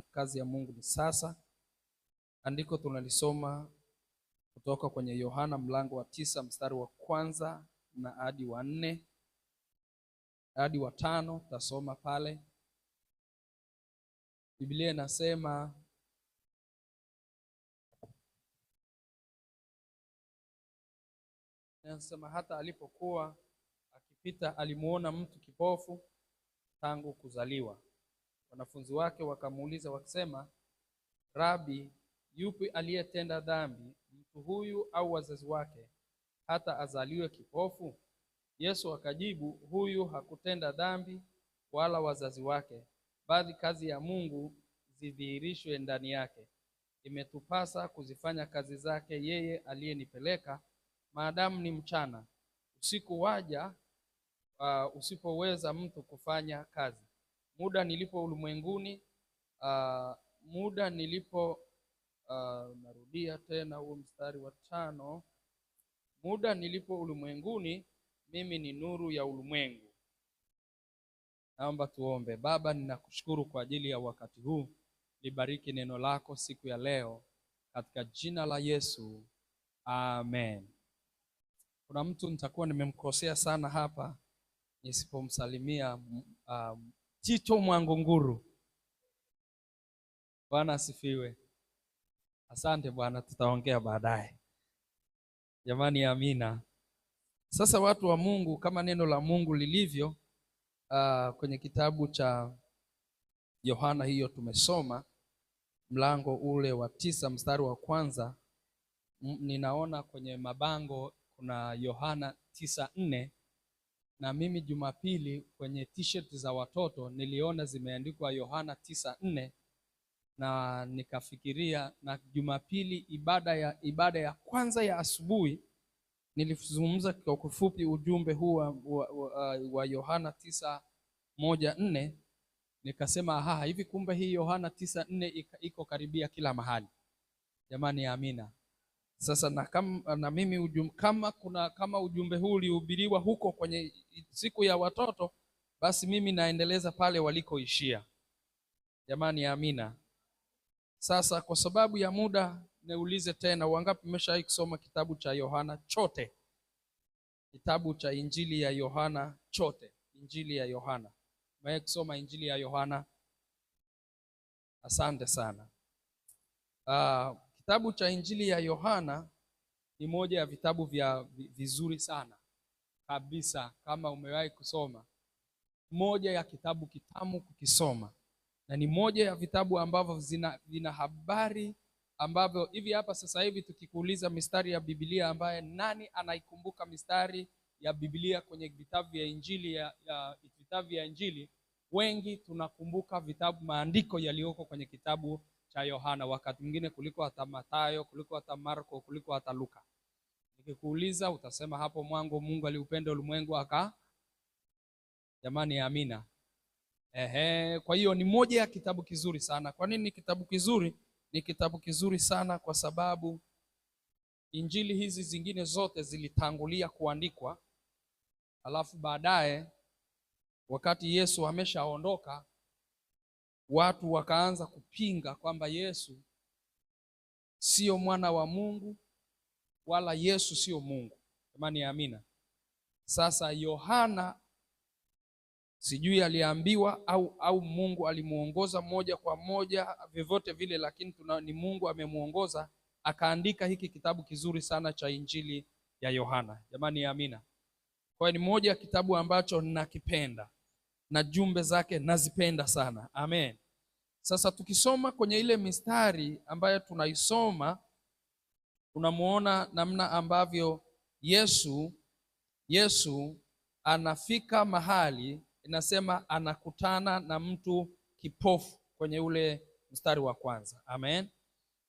kufanya kazi ya Mungu ni sasa. Andiko tunalisoma kutoka kwenye Yohana mlango wa tisa mstari wa kwanza na hadi wa nne hadi wa tano tasoma pale. Biblia inasema inasema hata alipokuwa akipita alimuona mtu kipofu tangu kuzaliwa Wanafunzi wake wakamuuliza wakisema, Rabi, yupi aliyetenda dhambi, mtu huyu au wazazi wake, hata azaliwe kipofu? Yesu akajibu, huyu hakutenda dhambi wala wazazi wake, bali kazi ya Mungu zidhihirishwe ndani yake. Imetupasa kuzifanya kazi zake yeye aliyenipeleka, maadamu ni mchana. Usiku waja uh, usipoweza mtu kufanya kazi muda nilipo ulimwenguni, uh, muda nilipo uh, narudia tena huo mstari wa tano, muda nilipo ulimwenguni, mimi ni nuru ya ulimwengu. Naomba tuombe. Baba, ninakushukuru kwa ajili ya wakati huu, libariki neno lako siku ya leo katika jina la Yesu, amen. Kuna mtu nitakuwa nimemkosea sana hapa nisipomsalimia um, Tito Mwangunguru. Bwana asifiwe. Asante Bwana, tutaongea baadaye. Jamani, amina. Sasa watu wa Mungu, kama neno la Mungu lilivyo, uh, kwenye kitabu cha Yohana hiyo tumesoma mlango ule wa tisa mstari wa kwanza. Ninaona kwenye mabango kuna Yohana tisa nne na mimi Jumapili kwenye t-shirt za watoto niliona zimeandikwa Yohana tisa nne na nikafikiria, na Jumapili ibada ya, ibada ya kwanza ya asubuhi nilizungumza kwa kifupi ujumbe huu wa, wa, wa, wa Yohana tisa moja nne nikasema aha, hivi kumbe hii Yohana tisa nne iko karibia kila mahali. Jamani, amina. Sasa na, kam, na mimi ujum, kama, kuna, kama ujumbe huu ulihubiriwa huko kwenye siku ya watoto, basi mimi naendeleza pale walikoishia. Jamani, amina. Sasa kwa sababu ya muda niulize tena, wangapi mmeshawahi kusoma kitabu cha Yohana chote? Kitabu cha injili ya Yohana chote, injili ya Yohana. Mmewahi kusoma injili ya Yohana? Asante sana. Uh, Kitabu cha Injili ya Yohana ni moja ya vitabu vya vizuri sana kabisa. Kama umewahi kusoma, moja ya kitabu kitamu kukisoma, na ni moja ya vitabu ambavyo vina habari ambavyo hivi hapa sasa hivi tukikuuliza mistari ya Biblia, ambaye nani anaikumbuka mistari ya Biblia kwenye vitabu vya Injili ya, ya vitabu vya Injili, wengi tunakumbuka vitabu maandiko yaliyoko kwenye kitabu cha Yohana, wakati mwingine kuliko hata Mathayo, kuliko hata Marko, kuliko hata Luka. Nikikuuliza utasema hapo mwangu Mungu aliupenda ulimwengu aka jamani, amina. Ehe, kwa hiyo ni moja ya kitabu kizuri sana. Kwa nini ni kitabu kizuri? Ni kitabu kizuri sana kwa sababu injili hizi zingine zote zilitangulia kuandikwa, alafu baadaye wakati Yesu ameshaondoka watu wakaanza kupinga kwamba Yesu sio mwana wa Mungu wala Yesu sio Mungu. Jamani ya amina. Sasa Yohana sijui aliambiwa au, au Mungu alimuongoza moja kwa moja, vyovyote vile, lakini tuna, ni Mungu amemuongoza akaandika hiki kitabu kizuri sana cha Injili ya Yohana. Jamani ya amina. Kwa hiyo ni moja ya kitabu ambacho nakipenda na jumbe zake nazipenda sana. Amen. Sasa tukisoma kwenye ile mistari ambayo tunaisoma tunamuona namna ambavyo Yesu Yesu anafika mahali inasema anakutana na mtu kipofu kwenye ule mstari wa kwanza. Amen.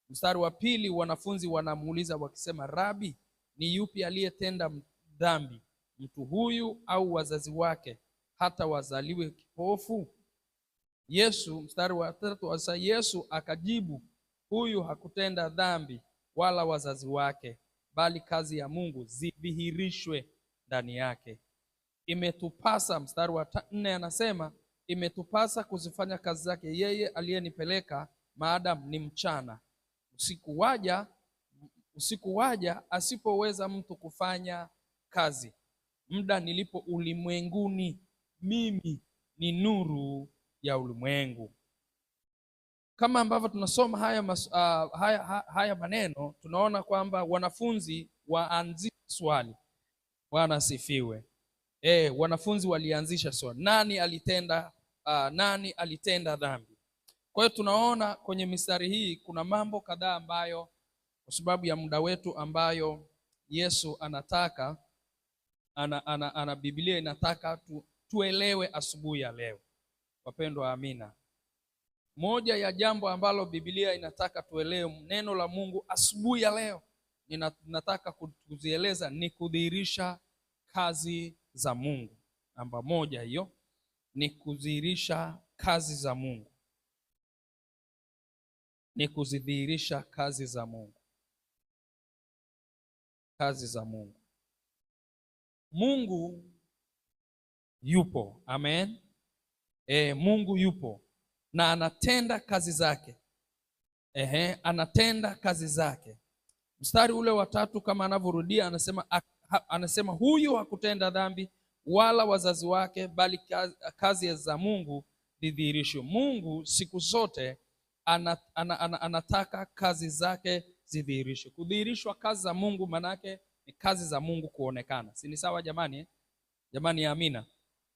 Mstari wa pili wanafunzi wanamuuliza wakisema, Rabi, ni yupi aliyetenda dhambi, mtu huyu au wazazi wake, hata wazaliwe kipofu? Yesu, mstari wa tatu, asa Yesu akajibu, huyu hakutenda dhambi wala wazazi wake, bali kazi ya Mungu zidhihirishwe ndani yake. Imetupasa, mstari wa nne anasema imetupasa kuzifanya kazi zake yeye aliyenipeleka, maadamu ni mchana. Usiku waja, usiku waja, asipoweza mtu kufanya kazi. Muda nilipo ulimwenguni mimi ni nuru ya ulimwengu. Kama ambavyo tunasoma haya, mas, uh, haya, haya maneno tunaona kwamba wanafunzi waanzisha swali. Bwana asifiwe. E, wanafunzi walianzisha swali, nani alitenda uh, nani alitenda dhambi? Kwa hiyo tunaona kwenye mistari hii kuna mambo kadhaa ambayo kwa sababu ya muda wetu ambayo Yesu anataka ana, ana, ana Biblia inataka tu tuelewe asubuhi ya leo, wapendwa. Amina. Moja ya jambo ambalo Biblia inataka tuelewe neno la Mungu asubuhi ya leo, ninataka kuzieleza ni kudhihirisha kazi za Mungu. Namba moja hiyo ni kudhihirisha kazi za Mungu, ni kuzidhihirisha kazi za Mungu, kazi za Mungu. Mungu yupo. Amen. E, Mungu yupo na anatenda kazi zake. Ehe, anatenda kazi zake. Mstari ule wa tatu kama anavyorudia anasema, anasema huyu hakutenda dhambi wala wazazi wake, bali kazi za Mungu zidhihirishwe. Mungu siku zote ana, ana, ana, anataka kazi zake zidhihirishwe. Kudhihirishwa kazi za Mungu maanake ni kazi za Mungu kuonekana, si ni sawa jamani? Eh? Jamani ya amina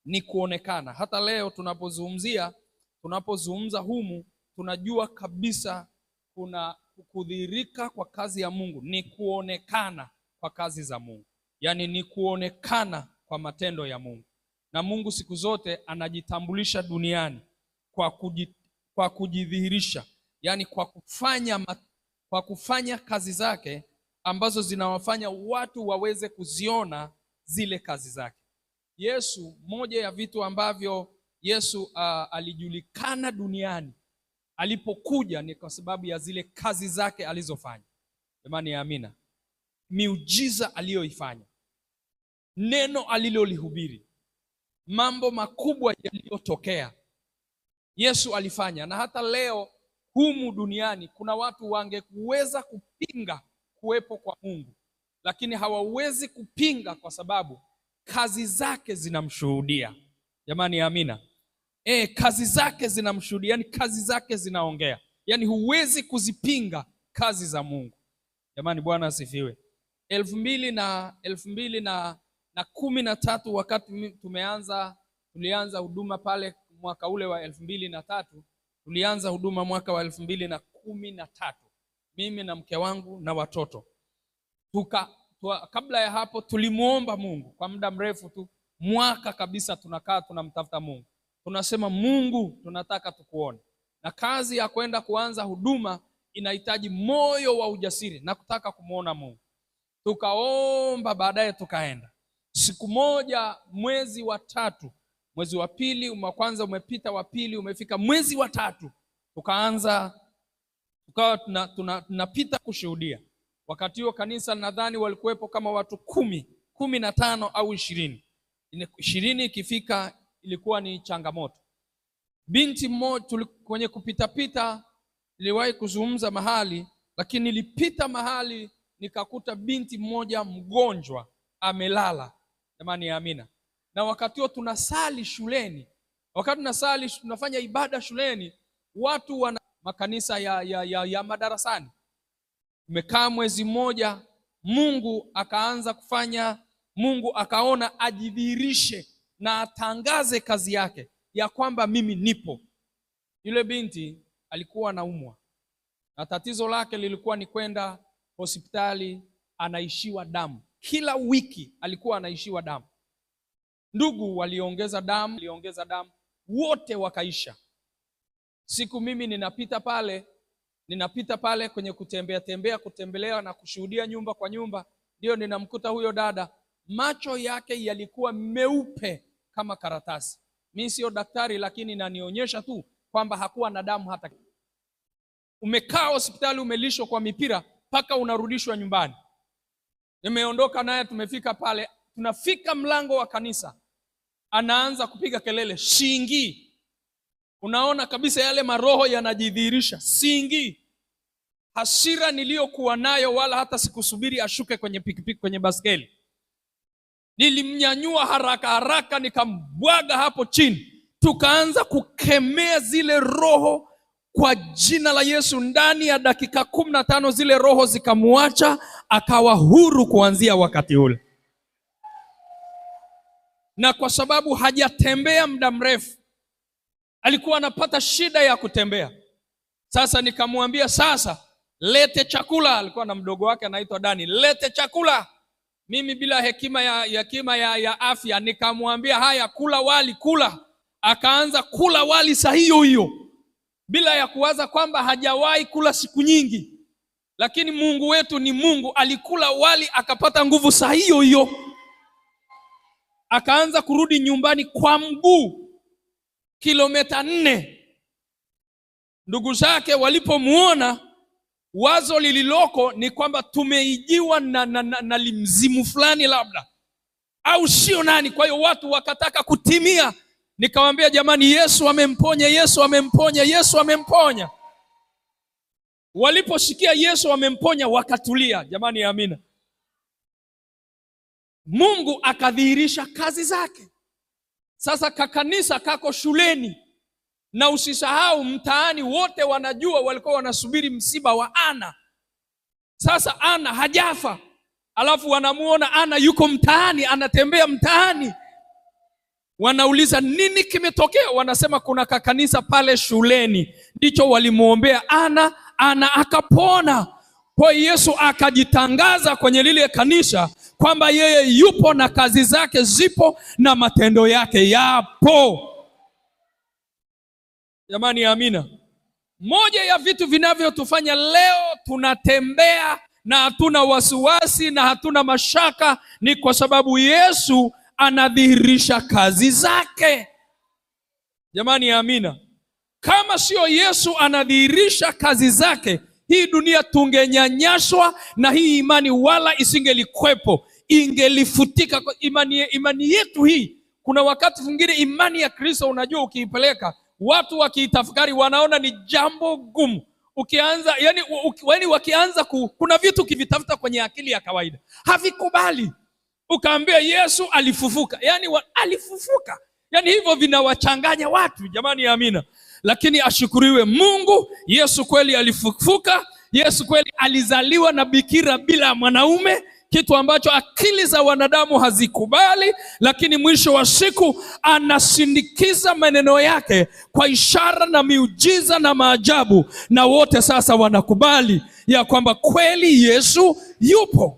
ni kuonekana. Hata leo tunapozungumzia, tunapozungumza humu, tunajua kabisa kuna kudhihirika kwa kazi ya Mungu, ni kuonekana kwa kazi za Mungu, yaani ni kuonekana kwa matendo ya Mungu. Na Mungu siku zote anajitambulisha duniani kwa kuji, kwa kujidhihirisha, yaani kwa kufanya, kwa kufanya kazi zake ambazo zinawafanya watu waweze kuziona zile kazi zake. Yesu, moja ya vitu ambavyo Yesu uh, alijulikana duniani alipokuja ni kwa sababu ya zile kazi zake alizofanya. Jamani ya amina, miujiza aliyoifanya, neno alilolihubiri, mambo makubwa yaliyotokea Yesu alifanya. Na hata leo humu duniani kuna watu wangeweza kupinga kuwepo kwa Mungu, lakini hawawezi kupinga kwa sababu kazi zake zinamshuhudia. Jamani, amina. E, kazi zake zinamshuhudia, yani kazi zake zinaongea, yani huwezi kuzipinga kazi za Mungu. Jamani, Bwana asifiwe. elfu mbili na elfu mbili na, na kumi na tatu wakati tumeanza tulianza huduma pale mwaka ule wa elfu mbili na tatu tulianza huduma mwaka wa elfu mbili na kumi na tatu mimi na mke wangu na watoto tuka tuwa, kabla ya hapo tulimwomba Mungu kwa muda mrefu tu, mwaka kabisa tunakaa tunamtafuta Mungu, tunasema Mungu, tunataka tukuone. Na kazi ya kwenda kuanza huduma inahitaji moyo wa ujasiri na kutaka kumwona Mungu. Tukaomba, baadaye tukaenda. Siku moja mwezi wa tatu, mwezi wa pili, wa kwanza umepita, wa pili umefika, mwezi wa tatu tukaanza tukawa tunapita tuna, tuna kushuhudia Wakati huo kanisa nadhani walikuwepo kama watu kumi, kumi na tano au ishirini. Ishirini ikifika ilikuwa ni changamoto. Binti mmoja kwenye kupitapita, niliwahi kuzungumza mahali, lakini nilipita mahali nikakuta binti mmoja mgonjwa amelala. Jamani, amina. Na wakati huo tunasali shuleni, wakati tunasali tunafanya ibada shuleni, watu wana makanisa ya, ya, ya, ya madarasani Umekaa mwezi mmoja, Mungu akaanza kufanya, Mungu akaona ajidhihirishe na atangaze kazi yake ya kwamba mimi nipo. Yule binti alikuwa anaumwa na tatizo lake lilikuwa ni kwenda hospitali, anaishiwa damu kila wiki, alikuwa anaishiwa damu. Ndugu waliongeza damu, waliongeza damu, wote wakaisha. Siku mimi ninapita pale ninapita pale kwenye kutembea tembea, kutembelewa na kushuhudia nyumba kwa nyumba, ndiyo ninamkuta huyo dada, macho yake yalikuwa meupe kama karatasi. Mi siyo daktari, lakini nanionyesha tu kwamba hakuwa na damu hata. Umekaa hospitali umelishwa kwa mipira mpaka unarudishwa nyumbani. Nimeondoka naye, tumefika pale, tunafika mlango wa kanisa, anaanza kupiga kelele, shingii Unaona kabisa yale maroho yanajidhihirisha, siingii hasira niliyokuwa nayo, wala hata sikusubiri ashuke kwenye pikipiki, kwenye baskeli. Nilimnyanyua haraka haraka, nikambwaga hapo chini, tukaanza kukemea zile roho kwa jina la Yesu. Ndani ya dakika kumi na tano zile roho zikamwacha, akawa huru kuanzia wakati ule, na kwa sababu hajatembea muda mrefu alikuwa anapata shida ya kutembea. Sasa nikamwambia sasa, lete chakula. Alikuwa na mdogo wake anaitwa Dani, lete chakula. Mimi bila hekima ya, hekima ya, ya afya nikamwambia haya, kula wali, kula. Akaanza kula wali saa hiyo hiyo bila ya kuwaza kwamba hajawahi kula siku nyingi, lakini Mungu wetu ni Mungu. Alikula wali akapata nguvu saa hiyo hiyo, akaanza kurudi nyumbani kwa mguu kilomita nne. Ndugu zake walipomuona, wazo lililoko ni kwamba tumeijiwa na, na, na, na limzimu fulani labda au sio nani. Kwa hiyo watu wakataka kutimia, nikawaambia jamani, Yesu amemponya, Yesu amemponya, Yesu amemponya. Waliposikia Yesu amemponya, wakatulia. Jamani, amina. Mungu akadhihirisha kazi zake. Sasa kakanisa kako shuleni, na usisahau mtaani wote wanajua, walikuwa wanasubiri msiba wa Ana. Sasa Ana hajafa, alafu wanamuona Ana yuko mtaani, anatembea mtaani, wanauliza nini kimetokea? Wanasema kuna kakanisa pale shuleni ndicho walimwombea Ana, Ana akapona. Kwa Yesu akajitangaza kwenye lile kanisa kwamba yeye yupo na kazi zake zipo na matendo yake yapo. Jamani ya amina. Moja ya vitu vinavyotufanya leo tunatembea na hatuna wasiwasi na hatuna mashaka ni kwa sababu Yesu anadhihirisha kazi zake. Jamani ya amina. Kama sio Yesu anadhihirisha kazi zake, hii dunia tungenyanyaswa na hii imani wala isingelikwepo, ingelifutika. Imani, imani yetu hii, kuna wakati mwingine imani ya Kristo unajua, ukiipeleka watu wakiitafakari wanaona ni jambo gumu ukianza yani, yani wakianza ku, kuna vitu ukivitafuta kwenye akili ya kawaida havikubali. Ukaambia Yesu alifufuka, yani wa, alifufuka, yani hivyo vinawachanganya watu jamani, amina lakini ashukuriwe Mungu. Yesu kweli alifufuka. Yesu kweli alizaliwa na bikira bila mwanaume, kitu ambacho akili za wanadamu hazikubali, lakini mwisho wa siku anasindikiza maneno yake kwa ishara na miujiza na maajabu, na wote sasa wanakubali ya kwamba kweli Yesu yupo.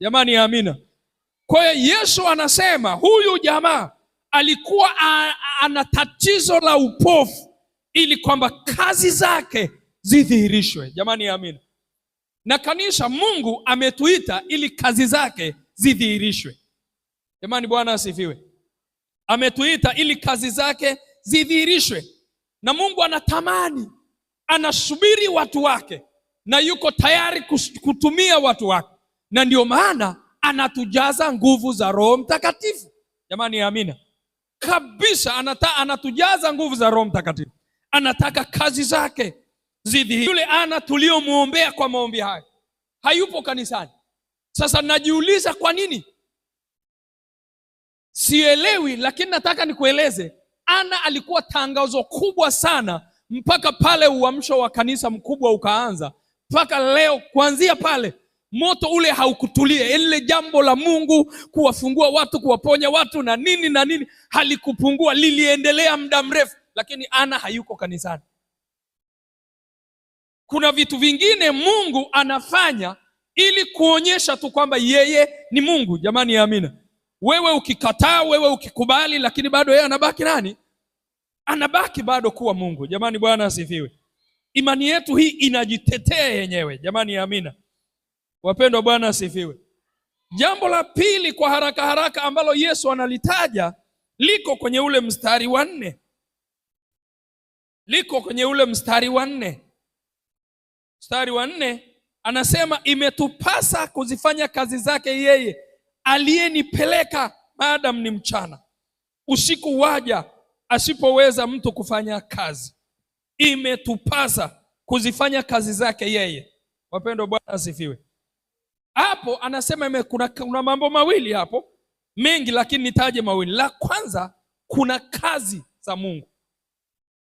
Jamani ya amina. Kwa hiyo Yesu anasema huyu jamaa alikuwa ana tatizo la upofu, ili kwamba kazi zake zidhihirishwe. Jamani, amina. Na kanisa, Mungu ametuita ili kazi zake zidhihirishwe. Jamani, Bwana asifiwe. Ametuita ili kazi zake zidhihirishwe, na Mungu anatamani, anasubiri watu wake, na yuko tayari kutumia watu wake, na ndio maana anatujaza nguvu za Roho Mtakatifu. Jamani, amina kabisa anata, anatujaza nguvu za Roho Mtakatifu. Anataka kazi zake zidhi. Yule Ana tuliyomwombea kwa maombi hayo hayupo kanisani sasa. Najiuliza kwa nini sielewi, lakini nataka nikueleze. Ana alikuwa tangazo kubwa sana mpaka pale uamsho wa kanisa mkubwa ukaanza mpaka leo, kuanzia pale moto ule haukutulia. Ile jambo la Mungu kuwafungua watu, kuwaponya watu na nini na nini halikupungua, liliendelea muda mrefu, lakini Ana hayuko kanisani. Kuna vitu vingine Mungu anafanya ili kuonyesha tu kwamba yeye ni Mungu. Jamani ya amina. Wewe ukikataa, wewe ukikubali, lakini bado yeye anabaki nani? Anabaki bado kuwa Mungu. Jamani, Bwana asifiwe. Imani yetu hii inajitetea yenyewe. Jamani ya amina. Wapendwa, Bwana asifiwe. Jambo la pili kwa haraka haraka ambalo Yesu analitaja liko kwenye ule mstari wa nne, liko kwenye ule mstari wa nne. Mstari wa nne anasema imetupasa kuzifanya kazi zake yeye aliyenipeleka, maadamu ni mchana. Usiku waja asipoweza mtu kufanya kazi. Imetupasa kuzifanya kazi zake yeye. Wapendwa, Bwana asifiwe hapo anasema ime, kuna, kuna mambo mawili hapo mengi, lakini nitaje mawili. La kwanza kuna kazi za Mungu,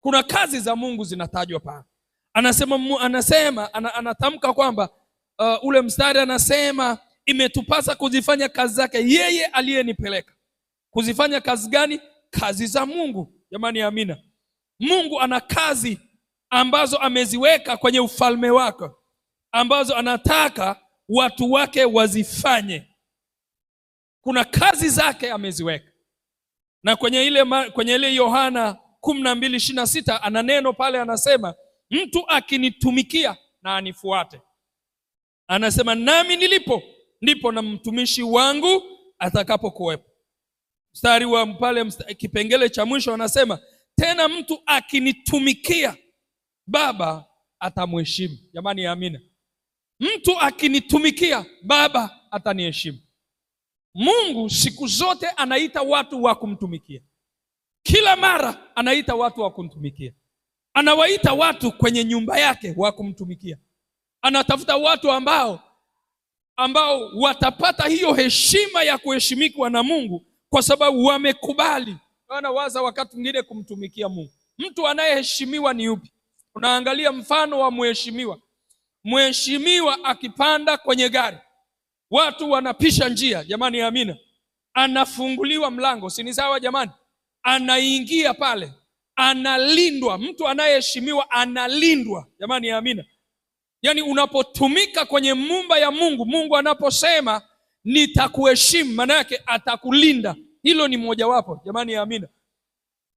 kuna kazi za Mungu zinatajwa pale. Anasema, anasema an, anatamka kwamba uh, ule mstari anasema imetupasa kuzifanya kazi zake yeye aliyenipeleka. Kuzifanya kazi gani? Kazi za Mungu. Jamani, amina. Mungu ana kazi ambazo ameziweka kwenye ufalme wake ambazo anataka watu wake wazifanye. Kuna kazi zake ameziweka, na kwenye ile kwenye ile Yohana kumi na mbili ishirini na sita ana neno pale, anasema mtu akinitumikia na anifuate, anasema nami nilipo ndipo na mtumishi wangu atakapokuwepo. Mstari wa pale kipengele cha mwisho anasema tena, mtu akinitumikia Baba atamheshimu. Jamani, amina. Mtu akinitumikia Baba ataniheshimu. Mungu siku zote anaita watu wa kumtumikia, kila mara anaita watu wa kumtumikia. Anawaita watu kwenye nyumba yake wa kumtumikia, anatafuta watu ambao ambao watapata hiyo heshima ya kuheshimikwa na Mungu kwa sababu wamekubali. Anawaza wakati mwingine kumtumikia Mungu, mtu anayeheshimiwa ni yupi? Unaangalia mfano wa mheshimiwa mheshimiwa akipanda kwenye gari watu wanapisha njia, jamani, amina. Anafunguliwa mlango, si ni sawa jamani? Anaingia pale, analindwa. Mtu anayeheshimiwa analindwa, jamani, amina. Yaani unapotumika kwenye mumba ya Mungu, Mungu anaposema nitakuheshimu, maana yake atakulinda. Hilo ni mojawapo, jamani, amina.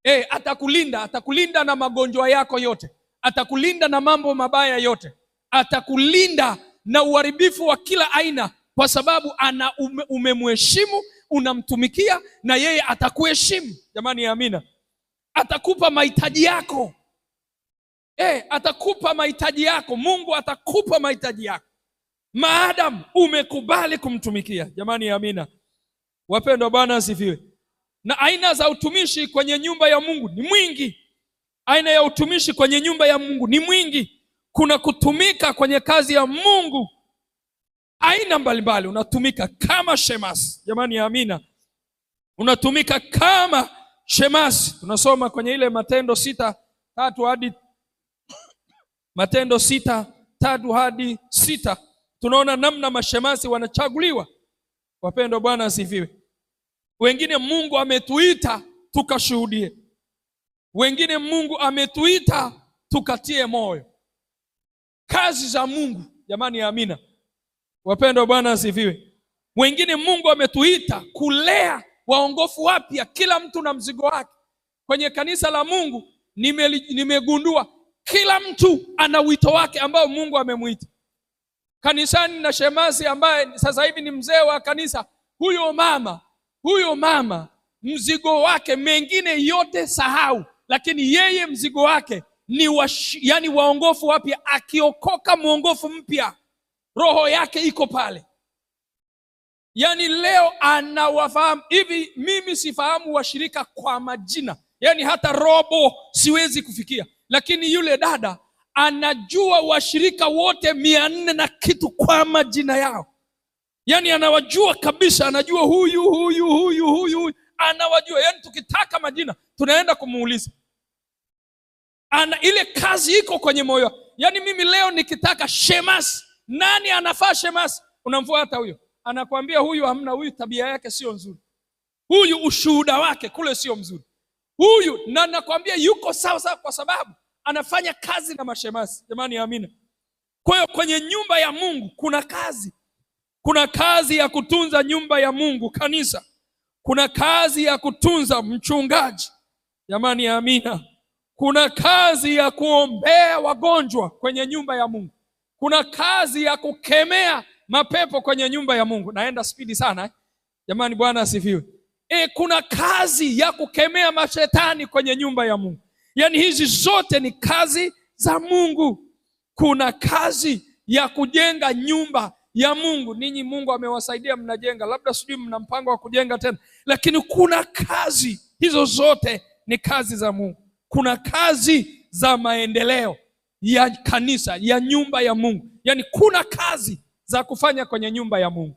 E, atakulinda, atakulinda na magonjwa yako yote, atakulinda na mambo mabaya yote atakulinda na uharibifu wa kila aina, kwa sababu ana umemheshimu, unamtumikia na yeye atakuheshimu. Jamani ya amina, atakupa mahitaji yako e, atakupa mahitaji yako. Mungu atakupa mahitaji yako maadamu umekubali kumtumikia. Jamani ya amina, wapendwa, Bwana asifiwe. Na aina za utumishi kwenye nyumba ya Mungu ni mwingi. Aina ya utumishi kwenye nyumba ya Mungu ni mwingi kuna kutumika kwenye kazi ya Mungu aina mbalimbali. Unatumika kama shemasi, jamani ya amina, unatumika kama shemasi. Tunasoma kwenye ile Matendo sita tatu hadi Matendo sita tatu hadi sita tunaona namna mashemasi wanachaguliwa. Wapendwa, Bwana asifiwe. Wengine Mungu ametuita tukashuhudie, wengine Mungu ametuita tukatie moyo kazi za Mungu. Jamani ya amina, wapendwa, Bwana asifiwe. wengine Mungu ametuita kulea waongofu wapya, kila mtu na mzigo wake. Kwenye kanisa la Mungu nimegundua kila mtu ana wito wake ambao Mungu amemwita kanisani. Na shemasi ambaye sasa hivi ni mzee wa kanisa, huyo mama, huyo mama mzigo wake, mengine yote sahau, lakini yeye mzigo wake ni wash, yani waongofu wapya. Akiokoka mwongofu mpya, roho yake iko pale, yani leo anawafahamu hivi. Mimi sifahamu washirika kwa majina, yani hata robo siwezi kufikia, lakini yule dada anajua washirika wote mia nne na kitu kwa majina yao, yani anawajua kabisa, anajua huyu huyu huyu huyu, anawajua yani, tukitaka majina tunaenda kumuuliza ana ile kazi iko kwenye moyo. Yaani mimi leo nikitaka shemasi, nani anafaa shemasi? Unamfuata huyo, anakwambia huyu hamna, huyu tabia yake sio nzuri, huyu ushuhuda wake kule sio mzuri, huyu na nakwambia yuko sawa sawa, kwa sababu anafanya kazi na mashemasi. Jamani, amina. Kwa hiyo kwenye nyumba ya Mungu kuna kazi, kuna kazi ya kutunza nyumba ya Mungu, kanisa, kuna kazi ya kutunza mchungaji. Jamani, amina. Kuna kazi ya kuombea wagonjwa kwenye nyumba ya Mungu. Kuna kazi ya kukemea mapepo kwenye nyumba ya Mungu. Naenda spidi sana eh? Jamani, Bwana asifiwe. E, kuna kazi ya kukemea mashetani kwenye nyumba ya Mungu. Yaani hizi zote ni kazi za Mungu. Kuna kazi ya kujenga nyumba ya Mungu. Ninyi Mungu amewasaidia mnajenga, labda sijui mna mpango wa kujenga tena, lakini kuna kazi hizo, zote ni kazi za Mungu kuna kazi za maendeleo ya kanisa, ya nyumba ya Mungu. Yaani kuna kazi za kufanya kwenye nyumba ya Mungu.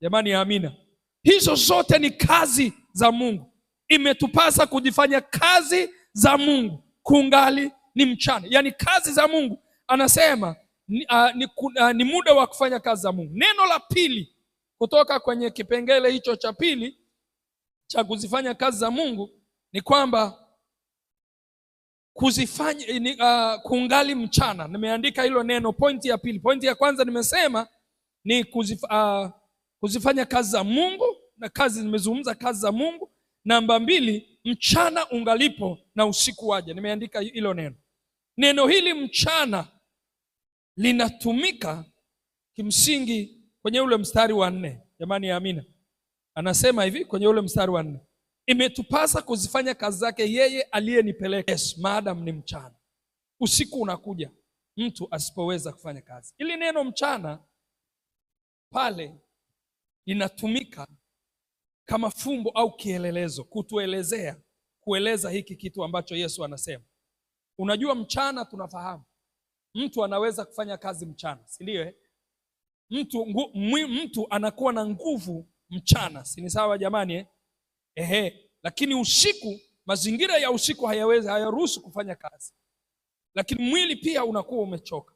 Jamani ya amina. Hizo zote ni kazi za Mungu. Imetupasa kujifanya kazi za Mungu kungali ni mchana, yaani kazi za Mungu anasema ni, a, ni, a, ni muda wa kufanya kazi za Mungu. Neno la pili kutoka kwenye kipengele hicho cha pili cha kuzifanya kazi za Mungu ni kwamba kuzifanya uh, kungali mchana. Nimeandika hilo neno, pointi ya pili. Pointi ya kwanza nimesema ni kuzif, uh, ah, kuzifanya kazi za Mungu na kazi, nimezungumza kazi za Mungu. Namba mbili, mchana ungalipo na usiku waje. Nimeandika hilo neno. Neno hili mchana linatumika kimsingi kwenye ule mstari wa nne. Jamani ya amina, anasema hivi kwenye ule mstari wa nne Imetupasa kuzifanya kazi zake yeye aliyenipeleka. Yes, maadamu ni mchana. Usiku unakuja mtu asipoweza kufanya kazi. Ili neno mchana pale linatumika kama fumbo au kielelezo kutuelezea, kueleza hiki kitu ambacho Yesu anasema. Unajua, mchana tunafahamu mtu anaweza kufanya kazi mchana, si ndio? Eh, mtu, mtu anakuwa na nguvu mchana, si ni sawa jamani eh? Ehe, lakini usiku, mazingira ya usiku hayawezi hayaruhusu kufanya kazi, lakini mwili pia unakuwa umechoka.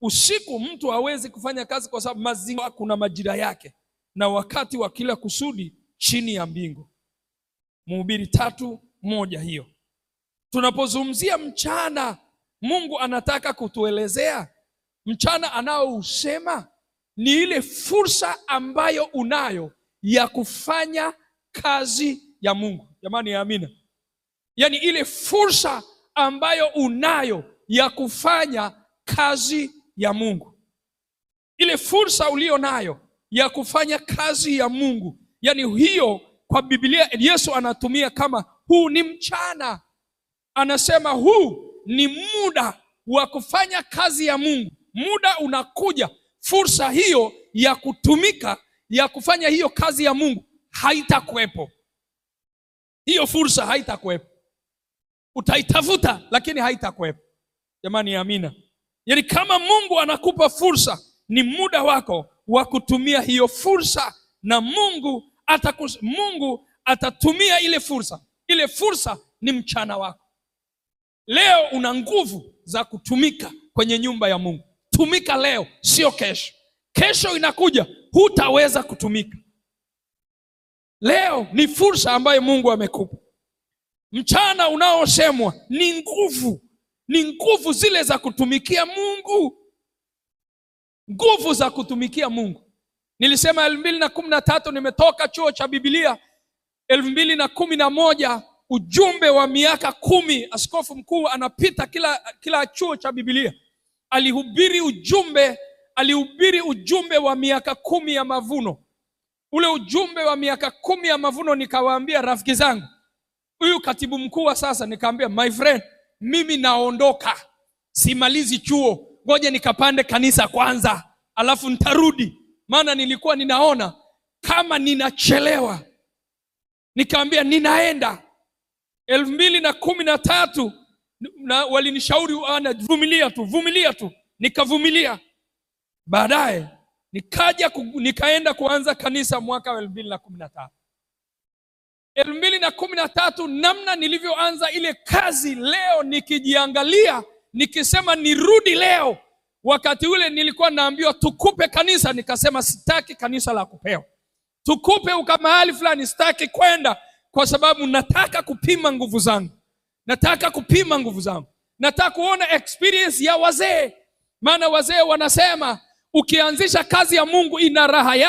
Usiku mtu hawezi kufanya kazi kwa sababu mazingira, kuna majira yake na wakati wa kila kusudi chini ya mbingu. Mhubiri tatu moja hiyo. Tunapozungumzia mchana, Mungu anataka kutuelezea mchana anaousema ni ile fursa ambayo unayo ya kufanya kazi ya Mungu. Jamani ya amina. Yaani ile fursa ambayo unayo ya kufanya kazi ya Mungu, ile fursa ulio nayo ya kufanya kazi ya Mungu, yaani hiyo kwa Biblia Yesu anatumia kama huu ni mchana, anasema huu ni muda wa kufanya kazi ya Mungu. Muda unakuja, fursa hiyo ya kutumika ya kufanya hiyo kazi ya Mungu haitakuwepo hiyo fursa, haitakuwepo. Utaitafuta lakini haitakuwepo. Jamani, amina. Yaani, kama Mungu anakupa fursa, ni muda wako wa kutumia hiyo fursa, na Mungu atakus, Mungu atatumia ile fursa. Ile fursa ni mchana wako. Leo una nguvu za kutumika kwenye nyumba ya Mungu. Tumika leo, sio kesho. Kesho inakuja, hutaweza kutumika. Leo ni fursa ambayo Mungu amekupa. Mchana unaosemwa ni nguvu, ni nguvu zile za kutumikia Mungu, nguvu za kutumikia Mungu. Nilisema elfu mbili na kumi na tatu nimetoka chuo cha Biblia elfu mbili na kumi na moja ujumbe wa miaka kumi. Askofu mkuu anapita kila, kila chuo cha Biblia alihubiri ujumbe, alihubiri ujumbe wa miaka kumi ya mavuno ule ujumbe wa miaka kumi ya mavuno, nikawaambia rafiki zangu, huyu katibu mkuu wa sasa, nikaambia my friend, mimi naondoka, simalizi chuo, ngoja nikapande kanisa kwanza, alafu nitarudi. Maana nilikuwa ninaona kama ninachelewa, nikaambia ninaenda. elfu mbili na kumi na tatu na walinishauri ana vumilia tu, vumilia tu, nikavumilia. Baadaye nikaja nikaenda kuanza kanisa mwaka wa elfu mbili na kumi na tatu elfu mbili na kumi na tatu namna nilivyoanza ile kazi leo nikijiangalia nikisema nirudi leo wakati ule nilikuwa naambiwa tukupe kanisa nikasema sitaki kanisa la kupewa tukupe uka mahali fulani sitaki kwenda kwa sababu nataka kupima nguvu zangu nataka kupima nguvu zangu nataka kuona experience ya wazee maana wazee wanasema Ukianzisha kazi ya Mungu ina raha yake.